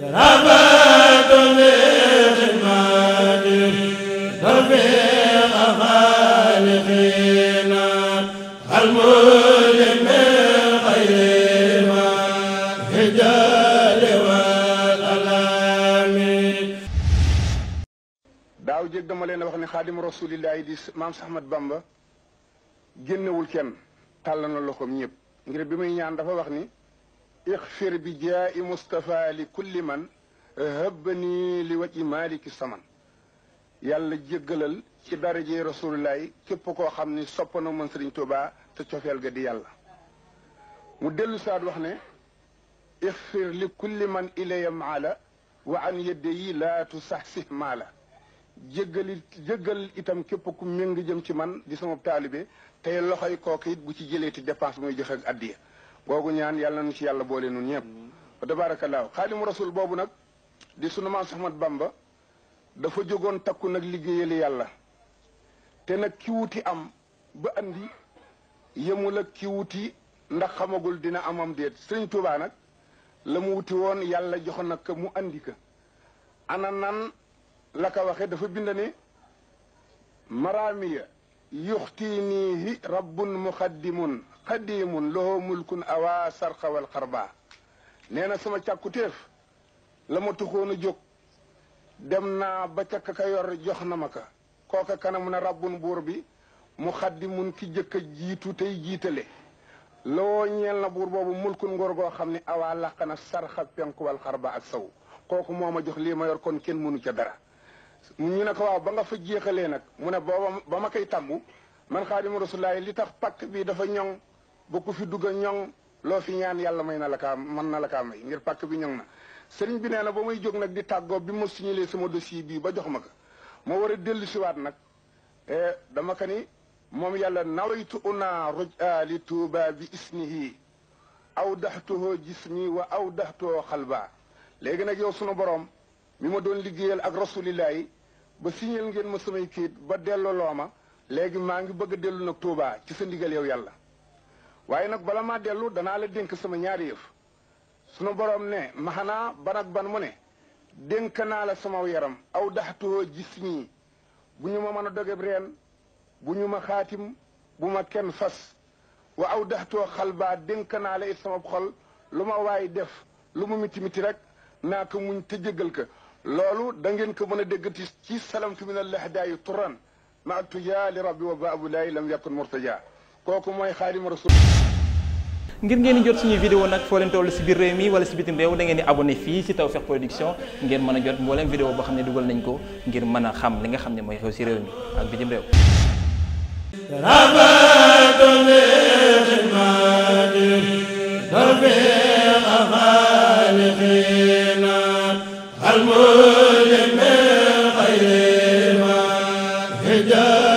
daaw jég dama leen a wax ne xaadimu rasulillahi di maam Ahmad Bamba génnewul kenn tàll na loxoom ñëpp ngir bi muy ñaan dafa wax ni ixfir bi jaa i Moustapha li kulli man hëbbani li waj i saman yàlla jéggalal ci daraje rasulullahi képp koo xam ni sopp na mën sëriñ Tuubaa te cofeel ga di yàlla mu dellu saat wax ne ixfir li kulli man ilaya maala wa an yedde yi laa sax si maala jéggali jéggal itam képp ku méng jëm ci man di sama taalibe tey loxoy kooku it bu ci jëleeti dépense mooy joxe ak addiya googu ñaan yàlla nu ci yàlla boole nun ñëpp wa tabaarakallaahu xaadimu rasul boobu nag di sunu maam Cheikh Bamba dafa jógoon takku nag liggéeyali yàlla te nag ki wuti am ba andi yemul ak ki wuti ndax xamagul dina amam déet sëriñ Tuubaa nag la mu wuti woon yàlla jox nag mu andi ka ana nan la waxe dafa bind ne maraamiya yuxtiiniihi rabbun muxaddimun xadimun lahu mulkun awaa sarxa wal xarba nee na sama càkkutéef la ma taxoon a jóg dem naa ba ca ka yor jox na ma ka kooka kanamu ne rabbun buur bi mu xaddimun ki jëkk a jiitu tey jiitale loo ñeel na buur boobu mulkun ngor goo xam ni awaa làq na sarxa penku wal xarba ak saw kooku moo ma jox lii ma yor kon kenn mënu ca dara ñu ne ko waaw ba nga fa jeexalee nag mu ne booba ba ma koy tàmbu man xaadimu rasulaay li tax pakk bi dafa ñoŋ ba fi dugg a ñoŋ loo fi ñaan yàlla may na la kaa mën na la kaa may ngir pàkk bi ñoŋ na sëriñ bi nee na ba may jóg nag di tàggoo bi ma signalee sama dossier bii ba jox ma ko ma war a dellu siwaat nag e, dama ko ni moom yàlla nawaytu unaa ruja li tuuba bi isnihi aw daxtuhoo jismi wa aw daxtuhoo xalba léegi nag yow sunu boroom mi ma doon liggéeyal ak rasulillahi ba signal ngeen ma samay kayit ba delloloo ma léegi maa ngi bëgg a dellu nag Touba ci sa ndigal yow yàlla waaye nag bala maa dellu danaa la dénk sama ñaari yëf sunu borom ne maxanaa ban ak ban mu ne dénk naa la sama yaram aw daxtuhoo ji siñii bu ñu ma mën a dogeb reen bu ñu ma xaatim bu ma kenn fas wa aw daxtuhoo xal baa dénk naa la it sama xol lu ma waay def lu ma miti miti rek naa ko muñ te jéggal ko loolu da ngeen ko mën a déggati ci salamtu min allahdaayi turan maatu yaa li rabbi wa baabu laay lam yakun murtaja kooku mooy xaadima rasul ngir ngeen di jot suñuy vidéo nag foo leen toll si biir réew mi wala si bitim réew da ngeen di abonné fii si Tawfekh Production ngeen mën a jot mbooleem vidéo boo xam ne dugal nañ ko ngir mën a xam li nga xam ne mooy xew si réew mi ak bitim réew المؤمن خير ما هجر